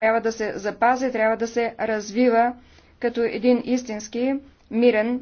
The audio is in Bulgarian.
трябва да се запази, трябва да се развива като един истински мирен